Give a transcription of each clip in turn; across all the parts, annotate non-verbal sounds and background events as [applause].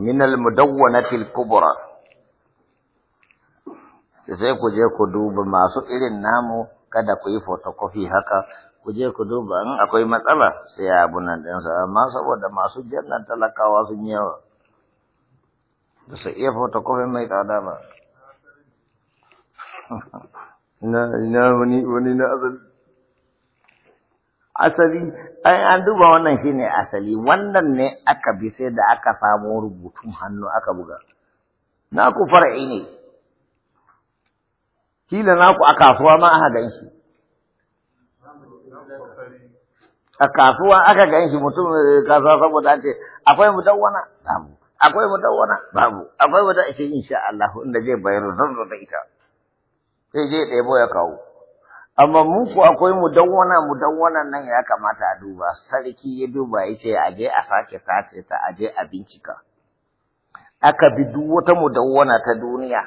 min al-mudawwanati al-kubra sai ku je ku duba masu irin namu kada ku yi photocopy haka ku je ku duba in akwai matsala sai abun nan din sa amma saboda masu jannan talakawa sun yawa ba su iya photocopy mai tsada ba [laughs] wani wani na azali asali an duba wannan shine asali wannan ne aka bi sai da aka samu rubutun hannu aka buga na ku far'i ne kila na ku a kasuwa ma aka gan shi a kasuwa aka gan shi mutum eh, kasuwa saboda an ce akwai mu mudawwana babu akwai mu mudawwana babu akwai mudawwana insha Allah inda zai bayar zan da ita sai je ɗebo ya kawo amma mu ku akwai mudawwana mudawwanan nan ya kamata a duba sarki ya duba ya ce aje a sake sace ta je a bincika aka bi duk wata mudawwana ta duniya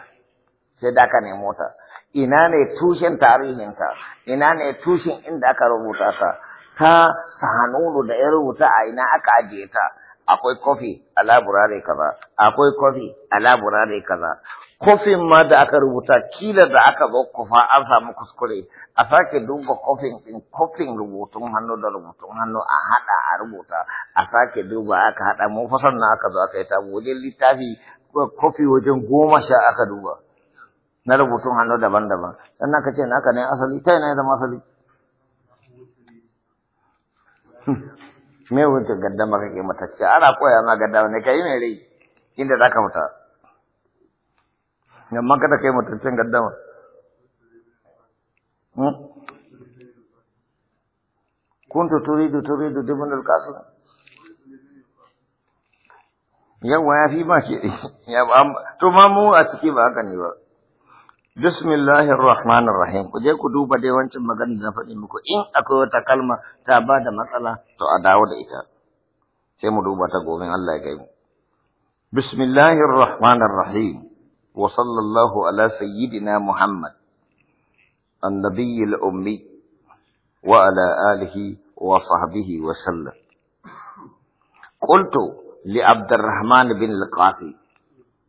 sai da ka nemo ta ina ne tushen tarihinta ina ne tushen inda aka rubuta ta ta sahanulu da ya rubuta a ina aka ajiye ta akwai kofi a laburare kaza akwai kofi a laburare kaza kofin ma da aka rubuta kila da aka zo kufa an samu kuskure a sake duba kofin din kofin rubutun hannu da rubutun hannu a hada a rubuta a sake duba aka hada mu fa sannan aka zo aka yi ta wajen littafi kofi wajen goma sha aka duba na rubutun hannu daban-daban sannan ka ce naka ne asali ta yana zama asali hmm. me wuce gaddama kake matacce ana koya ma gaddama ne kai ne rai inda zaka fita amma kada kai mutuncin gaddama hmm? kuntu turidu turidu ibn turi qasim yawa ya fi ma shi ya to ma mu a ciki ba haka ne ba bismillahir rahmanir rahim ku je ku duba dai wancan maganar da faɗi muku in akwai wata kalma ta ba da matsala to a dawo da ita sai mu duba ta gobe Allah ya kai mu bismillahir rahmanir rahim وصلى الله على سيدنا محمد النبي الأمي وعلى آله وصحبه وسلم قلت لعبد الرحمن بن القاسي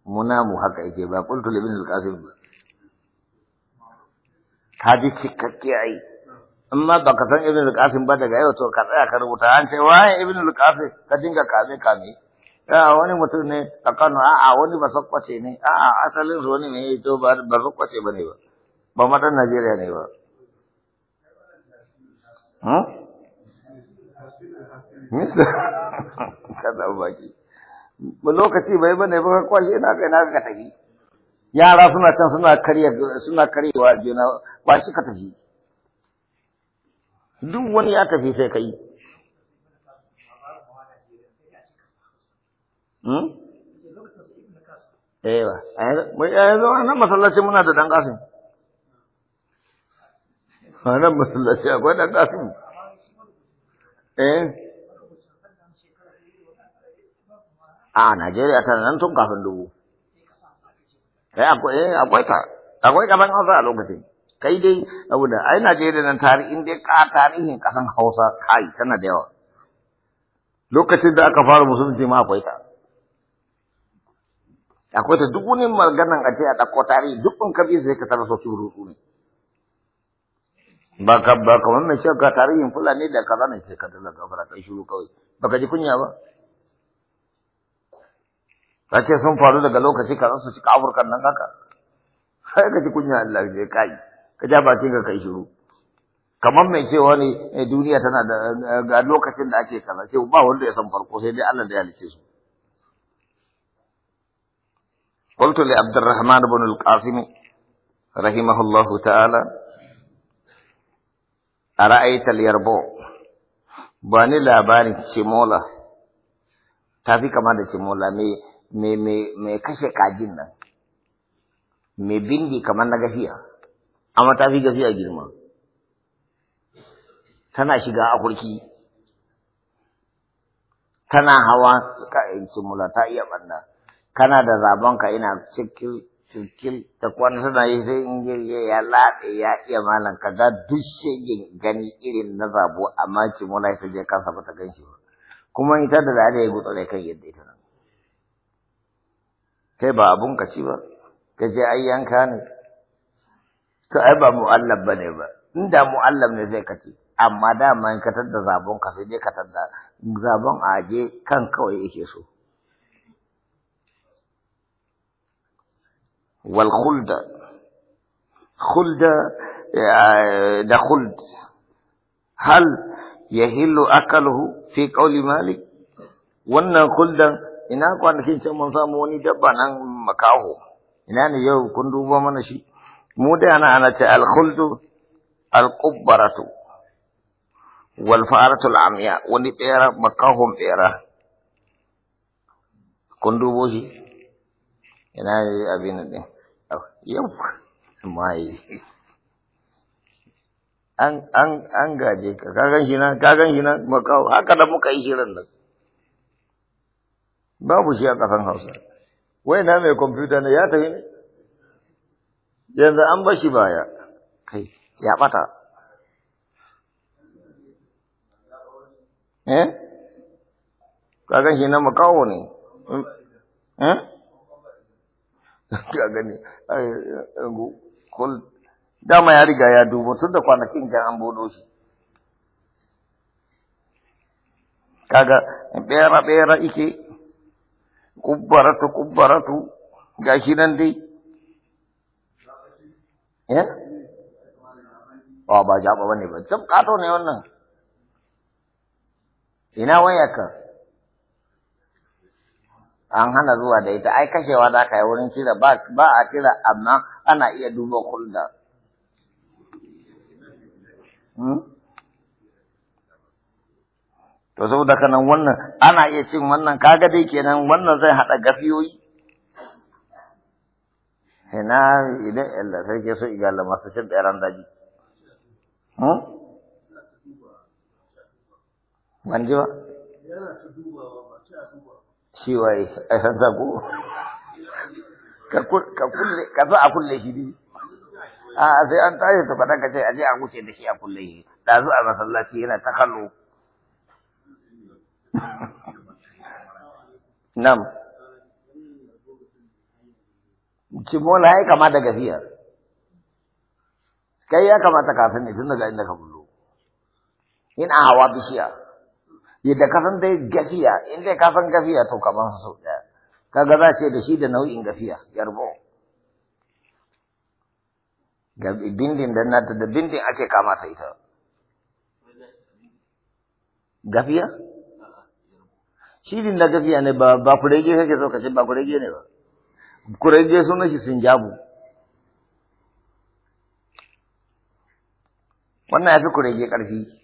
منام حق إجابة إيه قلت لابن القاسم هذه تككي أي أما بكثن ابن القاسم بدأ جاي تو كذا كربوتان سواه ابن القاسم كتنك كامي كامي a ah, wani mutum ne a Kano a ah, wani ba sokwace ne a ah, asalin su wani mai to ba ba ne ba ba matan Najeriya ne ba hmm [laughs] kada baki lokaci bai bane ba kwashe na kai na ka tafi yara suna can suna karya suna karyewa juna ba shi ka tafi duk wani ya tafi sai kai Hmm? Ewa, eh, a yanzu nan masallaci muna da ɗan ƙasin. A nan masallaci akwai ɗan ƙasin. Eh? A Najeriya tana nan tun kafin dubu. Eh, akwai eh, ta, akwai ƙasan Hausa a lokacin. Kai dai, abu da ai Najeriya nan tarihin dai ka tarihin ƙasan Hausa kai tana da yawa. Lokacin da aka fara musulunci ma akwai ta. akwai ta duk wani maganan a ce a ɗauko tarihi duk in ka bi sai ka tara sokin ruɗu ne ba ka ba ka wannan ce ka fula ne da ka ne ce ka dala fara kai shiru kawai baka ji kunya ba ta ce sun faru daga lokaci ka su cika afirkan nan haka sai ka ji kunya Allah ya kai ka ja bakin ka kai shiru kamar mai cewa ne eh, duniya tana da eh, lokacin da ake kaza ce ba wanda ya san farko sai dai Allah da ya halice su قلت لعبد الرحمن بن القاسم رحمه الله تعالى أرأيت اليربو باني لا باني شمولة تافي كما دا شمولة مي مي مي مي كشي كاجين مي بندي كما نغفيا أما تافي غفية جرما تنا شغا أقولكي تنا هوا كاين شمولة تا إيا بندا kana da zabonka ina cikin cikin ta kwana suna yi sai in girge ya laɗe ya iya malan ka Za duk shegin gani irin na zabo amma ki mula ya je kansa ba ta gan shi ba kuma ita da da ya gutsa kai yadda ita nan kai ba abun ka ci ba ka je ai yanka ne to ai ba mu'allab bane ba In da mu'allab ne zai ci. amma dama in ka tadda zabon ka sai je ka tadda zabon a je kan kawai yake so والخلد خلد آه، ده خلد هل يهل أكله في قول مالك وانا خلد إنا قوانا كين سمان ساموني دبانا نعم مكاهو إنا نيو كندوبا منشي مودي أنا أنا الخلد القبرة والفارة العمياء واني بيرا مكاهم بيرا كندوبوشي إنا أبين الدين yau maye an an an gaje ka kagan shi nan kagan shi nan makawo haka da muka yi shirin nan babu shi a kasan hausa wai na mai kwamfuta ne ya tafi ne yanzu an bashi baya kai ya bata eh kagan shi nan makawo ne hmm? eh ga gani dama ya riga ya dubo tun da kwanakin can an bodo shi kaga bera bera ike kubbaratu kubbaratu shi nan dai ya eh? ba ba jaba ba tsab kato ne wannan ina wayaka an hana zuwa da ita ai kashewa za ka yi wurin kira ba a kira amma ana iya duba hulda hmm? to saboda kanan wannan ana iya cin wannan kaga dai kenan wannan zai haɗa gafiyoyi ina idan Allah ke so igala masu cin ɗaran daji hmm? ban ji ba shi waye a san zago ka zo a kulle shi ne a sai an tashi ta faɗa ka ce a je a wuce da shi a kulle shi zo a masallaci yana ta kallo [laughs] nam mola ya kama daga gafiya kai ya kamata ka sani tun daga inda ka bullo ina hawa bishiya yadda ka san dai gafiya in dai ka san gafiya to ka ban sau ɗaya kaga za ce da shi da nau'in gafiya yarbo ga bindin da nata da bindin ake kama ta ita gafiya shirin da gafiya ne ba ba kurege kake so kace ba kurege ne ba kurege sunan shi sinjabu wannan ya fi kurege ƙarfi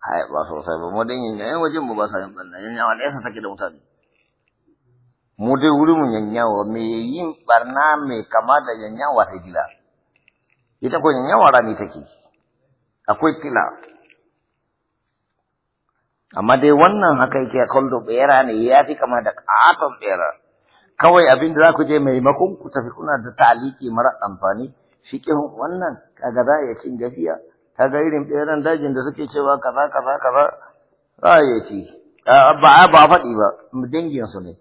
hai ba sai ba mu dan yanyawa wajen mu ba sa yin barna yawa da yasa take da mutane mu dai wurin mu yawa me yin barna me kama da yanyawa ta gida ita ko yawa rani take akwai tila amma dai wannan haka yake kallo bayara ne ya fi kama da katon bayara kawai abin da za ku je maimakon ku tafi kuna da taliki mara amfani shi wannan kaga za a cin gafiya kaga irin ɓeran dajin da suke cewa kaza kaza kaza za a ci ba ba faɗi ba dangin su ne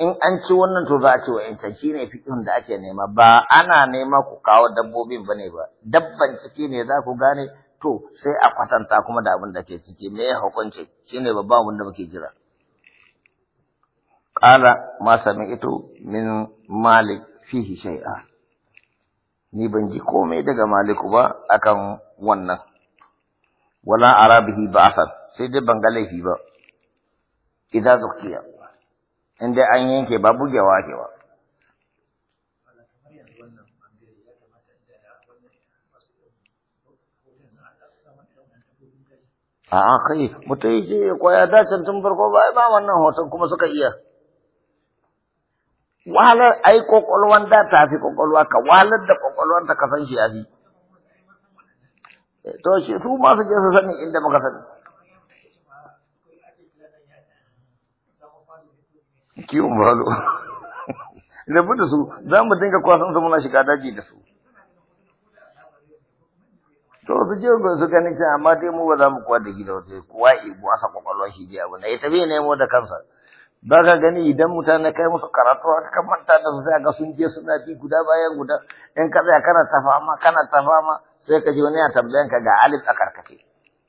in an ci wannan to za a ce wa'incan shi ne fiƙin da ake nema ba ana nema ku kawo dabbobin ba ne ba dabban ciki ne za ku gane to sai a kwatanta kuma da abin da ke ciki me ya hukunci shi ne babban abin da muke jira ƙala ma sami ito min malik fihi shai'a ni ban ji komai daga maliku ba akan wannan wala arabihi ba asad sai dai ban ga laifi ba idan zukiya in dai an yanke ba bugewa ke ba a kai mutum yake koya dacin tun farko ba ba wannan hoton kuma suka iya. Wahalar ai kwakwalwan da ta fi kwakwalwa ka wahalar da kwakwalwan ta kasan shi a fi. to shi su ma su su sani inda muka sani kiwon balo [laughs] rabu da su za mu dinga kwasan su muna shiga daji da su to su je su ganin can amma dai mu ba za mu kwa gida kuwa ibu asa kwakwalwa shi je abu na ya tafi nemo da kansa ba ka gani idan mutane kai musu karatu haka kan da su sai ga sun je suna bi guda bayan guda in ka tsaya kana tafama, kana tafama. sai ka ji wani ya tambayan ka ga alif a karkace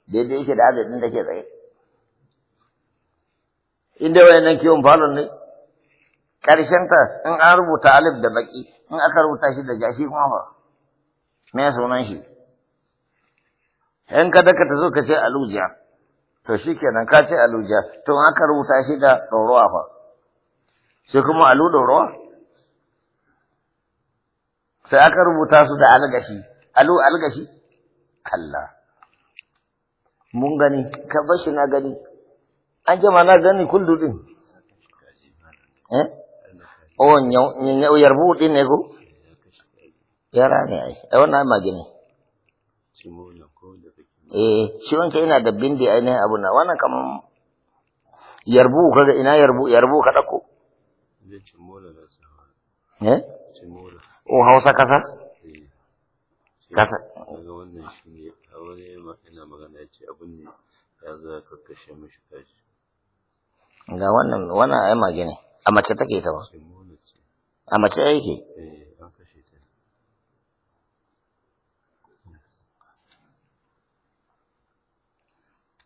daidai yake da adadin da ke tsaye inda nan kiwon falon ne ƙarshen ta in an rubuta alif da baki in aka rubuta shi da jashi kuma fa me sunan shi in ka daka ta zo ka ce alujiya to shi kenan ka ce alujiya to in aka rubuta shi da ɗorowa fa sai kuma alu ɗorowa sai aka rubuta su da algashi alu algashi kalla mun gani ka bashi na gani an jama na gani kullu din eh oh nyau yarbu din ne ko yara ne ai eh wannan magani eh shi wancan yana da bindi ne abu na wannan kaman yarbu kaga ina yarbu yarbu ka dako eh o oh, hausa kasa kasa daga wannan shi ne a wani yana magana ce a mace take eh, ta ba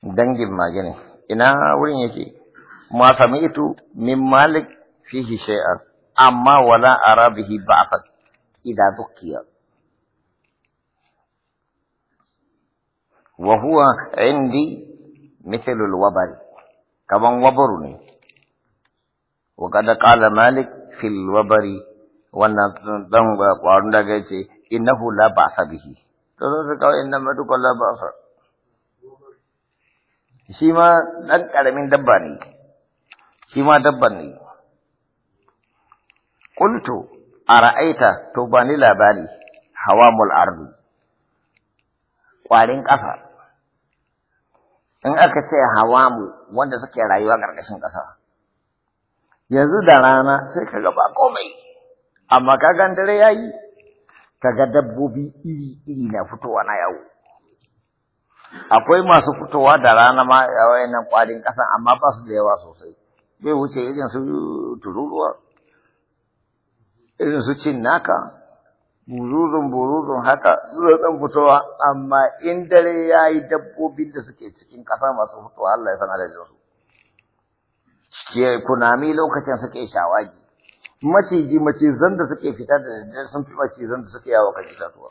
dangin magini ina wurin yake ma sami ito min malik fihi shay'an amma wala arabihi ba'fa idza dukiya wa huwa indi mithlul wabari kaman wabaru ne wa kada qala malik fil wabari wannan dan kwarin da ga ce innahu la ba'sa bihi to zo su kawai inna madu la ba'sa shi ma dan karamin dabba ne shi ma dabba ne qultu ara'aita to bani labari hawamul ardi ƙwarin ƙasa. In aka ce hawamu wanda suke rayuwa ƙarƙashin ƙasa. Yanzu da rana sai ka gaba komai, amma ka gan dare ya yi, ka ga dabbobi iri-iri na fitowa na yawo. Akwai masu fitowa da rana ma yawai nan ƙwarin ƙasa amma ba su da yawa sosai. Bai wuce irin su tururuwa, irin su cin naka, Bururin bururin haka zai ɗan fitowa amma in dare ya yi dabbobin da suke cikin ƙasa masu fitowa Allah ya san adadin su. Ke kunami lokacin suke shawagi. Maciji macizan da suke fita da daddare sun fi macizan da suke yawo kan itatuwa.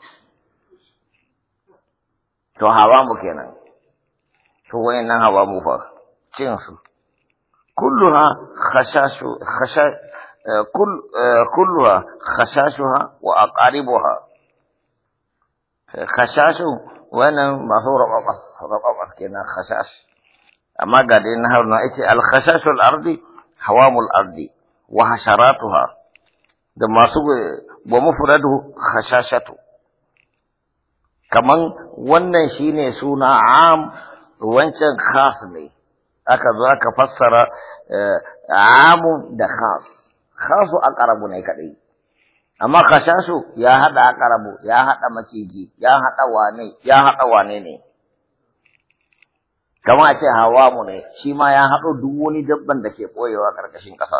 To hawa mu kenan. To wani nan hawa mu fa cin su. Kulluha khashashu khashash كل كلها خشاشها وأقاربها خشاش وانا مظهور وقص كنا خشاش أما قال إنها الخشاش الأرضي حوام الأرضي وحشراتها دم ومفرده خشاشته كمان وانا شيني سونا عام وانشن خاص لي أكذا أكفسر آه، عام دخاص khasu aqrabu ne kadai amma kashansu ya hada karabu, ya hada maciji ya hada wane ya hada wane ne kamar a ce mu ne shi ma ya haɗo duk wani dabban da ke ɓoyewa ƙarƙashin ƙasa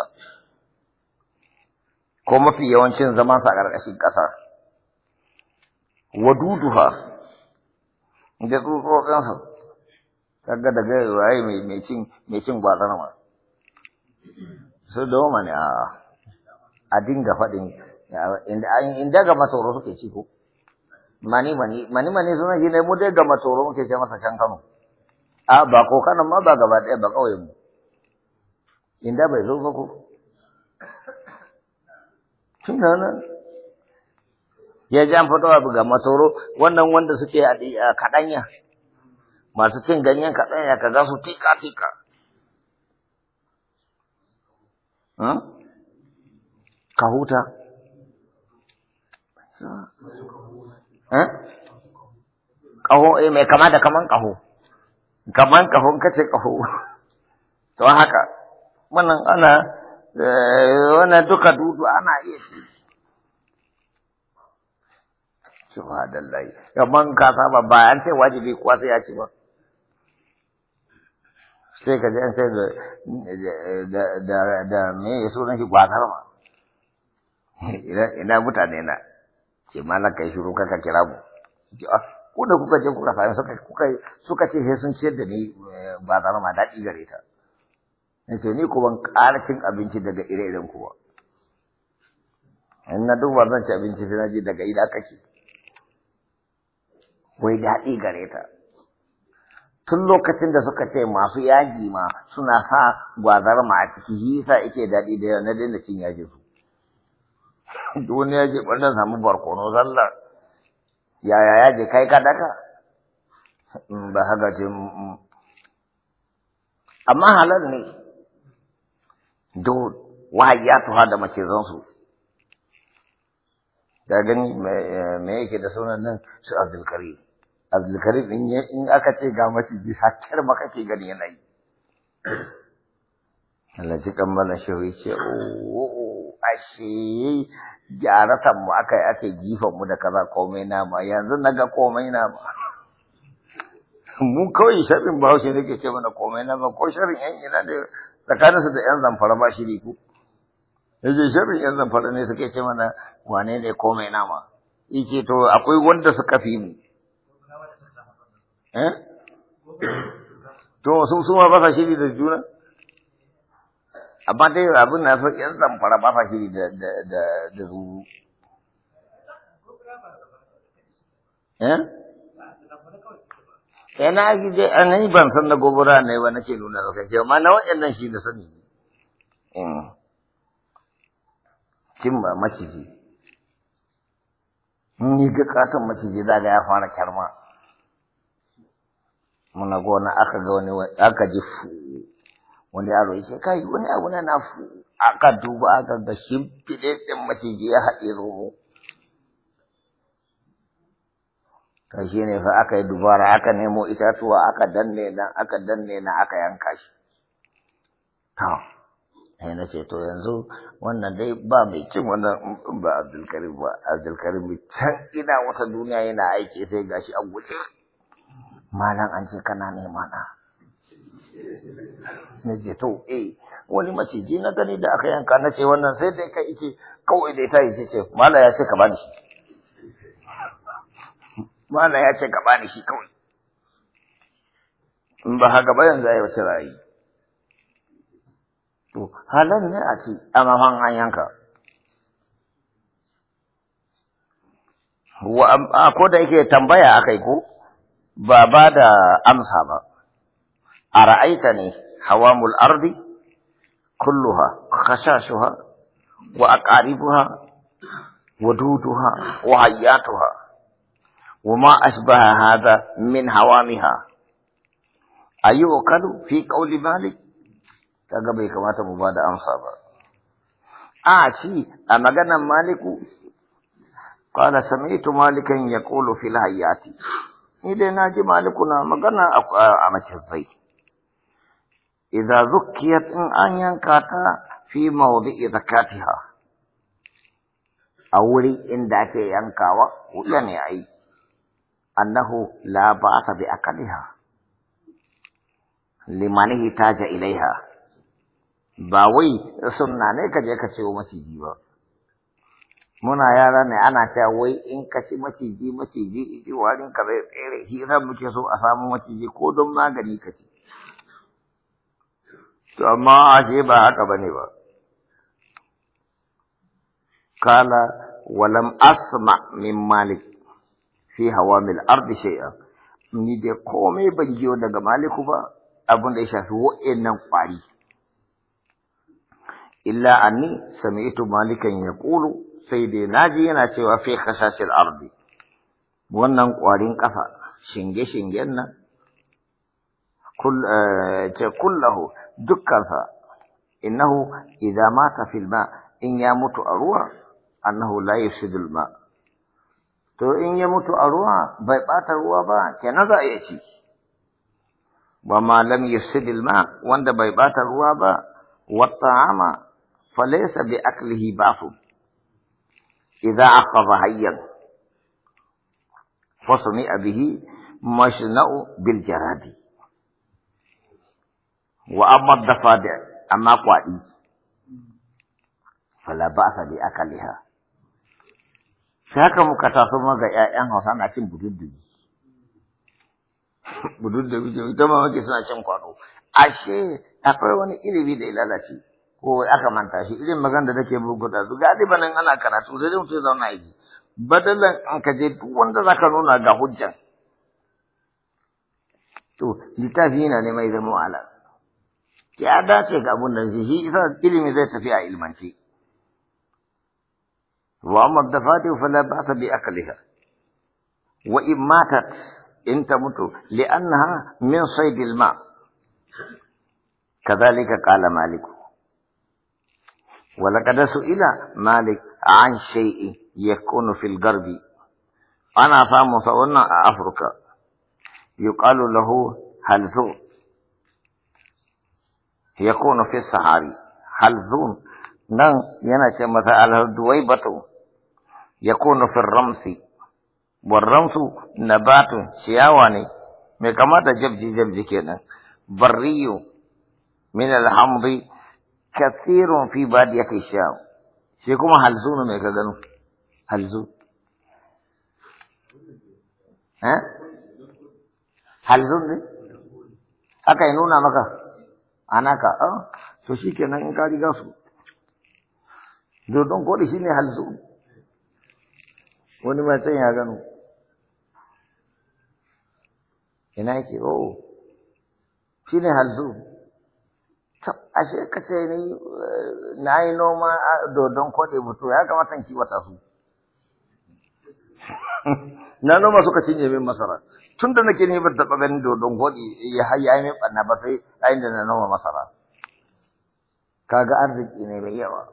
ko mafi yawancin zamansa a ƙarƙashin ƙasa waduduha da tsutsotsinsa kaga da gaiwaye mai cin mai cin su doma ne a a dinga faɗin da ga masoro suke ci ko mani mani mani mani suna shi ne mu dai ga matoro muke ce masa can Kano a ba ko Kano ma ba gaba ɗaya ba ƙauyen mu da bai zo ba ko tun nan ya ji an fito abu ga masoro, wannan wanda suke a kaɗanya masu cin ganyen kaɗanya ka za su tika tika hmm? ka huta eh? ƙaho eh mai kama da kaman ƙaho kaman ƙaho kace ƙaho [laughs] to haka wannan ana eh, wannan duka dudu ana iya ci subhanallahi kaman ka saba ba an ce wajibi kuwa sai ya ci ba sai ka ji an ce da da da me yaso sunan shi gwanar ma Eh, ina mutane na ce malam kai shiru kaka kira mu ko ah, da kuka je kuka sami suka kuka suka ce sai sun ciyar da ni eh, ba zama ma daɗi gare ta na ce ni kuma ban abinci daga ire-iren kuwa ba in na duba zan ci abinci sai na je daga ina kake wai daɗi gare ta tun lokacin da suka ce masu yaji ma suna sa gwazar ma a ciki shi yasa yake daɗi da na daina cin yaji su [laughs] duniya je ɓarin samu barkono zallar yaya ya je kai ka daka ba haka ce mm, mm. amma halar ne ya tuha da macizansu da gani me yake da sunan nan su abdulkarim abdulkarim in aka ce ga maciji hakkar ma kake gani yana yi Allah ji kan mana shehu ce o oh, oh, oh, ashe jaratan mu aka yi aka jifan mu da kaza komai nama yanzu naga komai nama mu kawai sharrin ba shi nake ce mana komai nama ko sharrin yan ina ne su da yan zamfara ba shi ne ku yaje sharrin yan zamfara ne suke ce mana wane ne komai nama yace to akwai wanda suka fi mu eh to sun suma ba sa shiri da juna amma dai abin na so yan fara ba shiri da da da da zuru eh yana ji dai an yi ban san na gobara ne ba nake nuna maka kai, amma na wayannan shi da sani eh kin ba maciji ni ga katon maciji daga ya fara kyarma muna gona aka ga wani aka ji fu wani yaro ya ce kai wani abu na na aka duba aka ga shimfiɗe ɗin maciji ya haɗe zomo Ka shi ne fa aka yi dubara aka nemo itatuwa aka danne nan aka danne na aka yanka shi to sai na ce to yanzu wannan dai ba mai cin wannan ba abdulkarim ba abdulkarim can ina wata duniya yana aiki sai gashi an wuce malam an ce kana nema na na ce to eh wani maciji na gani da aka yanka na ce wannan sai dai kai ce kawai dai ta yi ce mala ya ce ka bani shi mala ya ce ka bani shi kawai in ba haka ba yanzu ai wace rayi to halan ne a ci a mafan an yanka ko da yake tambaya akai ko ba ba da amsa ba أرأيتني حوام الأرض كلها خشاشها وأقاربها ودودها وهياتها وما أشبه هذا من هوامها أيؤكل في قول مالك؟ تقبل كما تبغى أنصابا أعشي أمغنى مالك قال سمعت مالكا يقول في الهيات إذا ناجي مالكنا مغنى أمشي الزيت idza zukkiyat in an yanka ta fi mawdi'i zakatiha a wuri inda ake yankawa wuya ne ai annahu la ba'sa bi akaliha limanihi taja ilaiha ba wai sunna ne ka je ka ciwo maciji ba muna yara ne ana cewa wai in ka ci maciji maciji ji warin ka zai tsere shi muke so a samu maciji ko don magani ka ci to amma ashe ba haka bane ba kala walam asma min malik fi hawamil ardi shay'a ni dai komai ban jiyo daga maliku ba abin da ya shafi wa'annan kwari illa anni sami'tu malikan yaqulu sai dai naji yana cewa fi khasashil ardi wannan kwarin kasa shinge shingen nan كل آه، كله دكرها إنه إذا مات في الماء إن يموت أروع أنه لا يفسد الماء تو إن يموت أروع بيبات أروى با كان رأيتي وما لم يفسد الماء وند بيبات أروى با والطعام فليس بأكله بعث إذا أخذ هيا فصنع به مشنأ بالجرادي wa amma dafa da amma kwaɗi fala ba sa bi akaliha sai haka muka taso ma ga ƴaƴan Hausa na cin bududdubi [laughs] bududdugi ita ma muke suna cin kwaɗo ashe akwai wani ilimi da lalace, ko aka manta shi irin magana da take buguda su galiban nan ana karatu sai dai mutum zauna yi badalan an ka je duk wanda zaka nuna ga hujjan to littafi yana neman zama ala ki ya dace ga abun da zai shi isa ilimi zai tafi a ilmanci wa amma dafati fa la ba'sa bi aqliha wa in matat in ta mutu annaha min saydil ma kadhalika qala malik wa laqad su'ila malik an shay'in yakunu fil garbi ana samu sa wannan a afrika yuqalu lahu halzu يكون في الصحاري ذون نن نعم، ينشأ مثلا الدويبة يكون في الرمس والرمس نبات شياواني ما كما جبجي جبجي كده بري من الحمض كثير في بادية الشام ذون حلزون ما هل ذون ها ذون دي haka ya nuna ana ka to ah, shi kenan in ka riga su dodon koɗi shi ne halzu wani matsayin ya gano ina yake o oh, shi ne halzu ashe ka ce ni eh, na yi noma dodon koɗi mutu ya kamata in kiwata su [laughs] na noma suka cinye min masara tun da nake ne ban taba ganin dodon koɗi eh, ya hayya mai ɓanna ba sai ayin da na noma masara kaga arziki ne mai yawa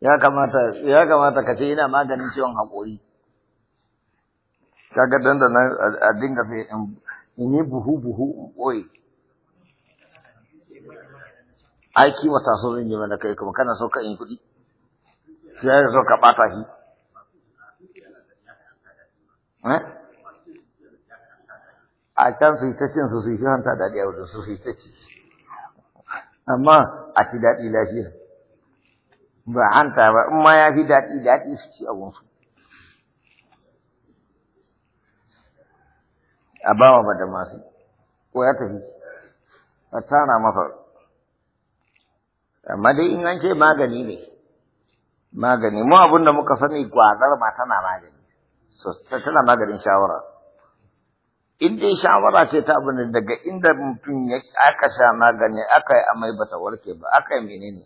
ya kamata ya kamata ka ce ina maganin ciwon hakori. kaga dan da na a dinga sai in yi buhu buhu in ɓoye aiki wata so zan yi mana kai kuma kana so ka yi kuɗi sai ka so ka ɓata shi eh a can su yi ta cin su su yi hanta daɗi a wajen su su yi ta ci amma a ci daɗi lafiya ba hanta ba in ma ya fi daɗi daɗi su ci wunsu a ba wa da masu ko ya tafi a tara mafa amma dai in an ce magani ne magani mu abin da muka sani gwazar ma tana magani so tana maganin shawara in dai shawara ce ta abu ne daga inda mutum ya aka sha magani aka yi amai bata warke ba aka yi menene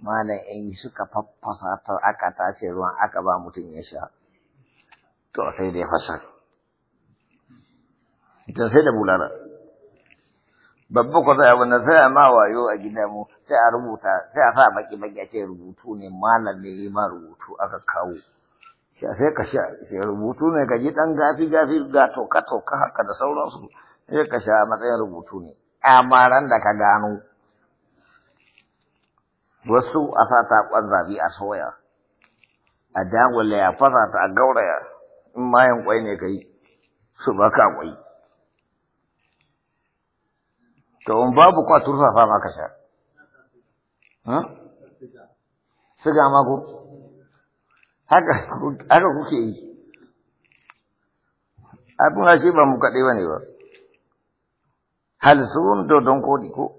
malam ɗan yi suka faffasa ta aka tace ruwan aka ba mutum ya sha to sai dai fasar ita sai da bulala babba ko sai abin da sai a ma wayo a gida mu sai a rubuta sai a sa baki baki a ce rubutu ne malam ne yi ma rubutu aka kawo sai ka sha rubutu ne ka ji dan gafi gafi ga toka toka haka da sauransu sai ka sha matsayin rubutu ne amaran da ka gano wasu a sa sata kwanzabi a soya a dagwale ya fasa ta a gauraya in mayan kwai ne ka yi su baka kwai to in babu kwa turfafa ma ka sha siga ma ko haka kuke yi abin ashe ba mu kaɗai ne ba hal sun dodon kodi ko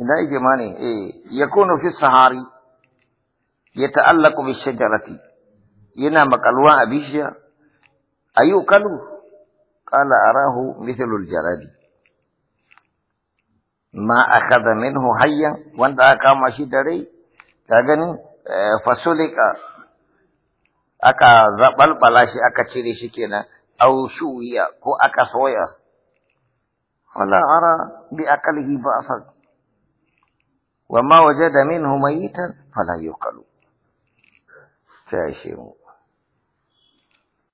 ina yake ma ne eh kono fi sahari ta'allaku bi shajarati yana makalwa a bishiya kalu ƙala arahu mithlu jaradi ma akhadha minhu hayyan wanda aka kama shi da rai gani eh, fasulika aka zaɓalɓala shi aka cire shi kenan au shuya ko aka soya wala ara bi akalihi ba asal wa ma wajada minhu mayitan fala yuqalu sai shi mu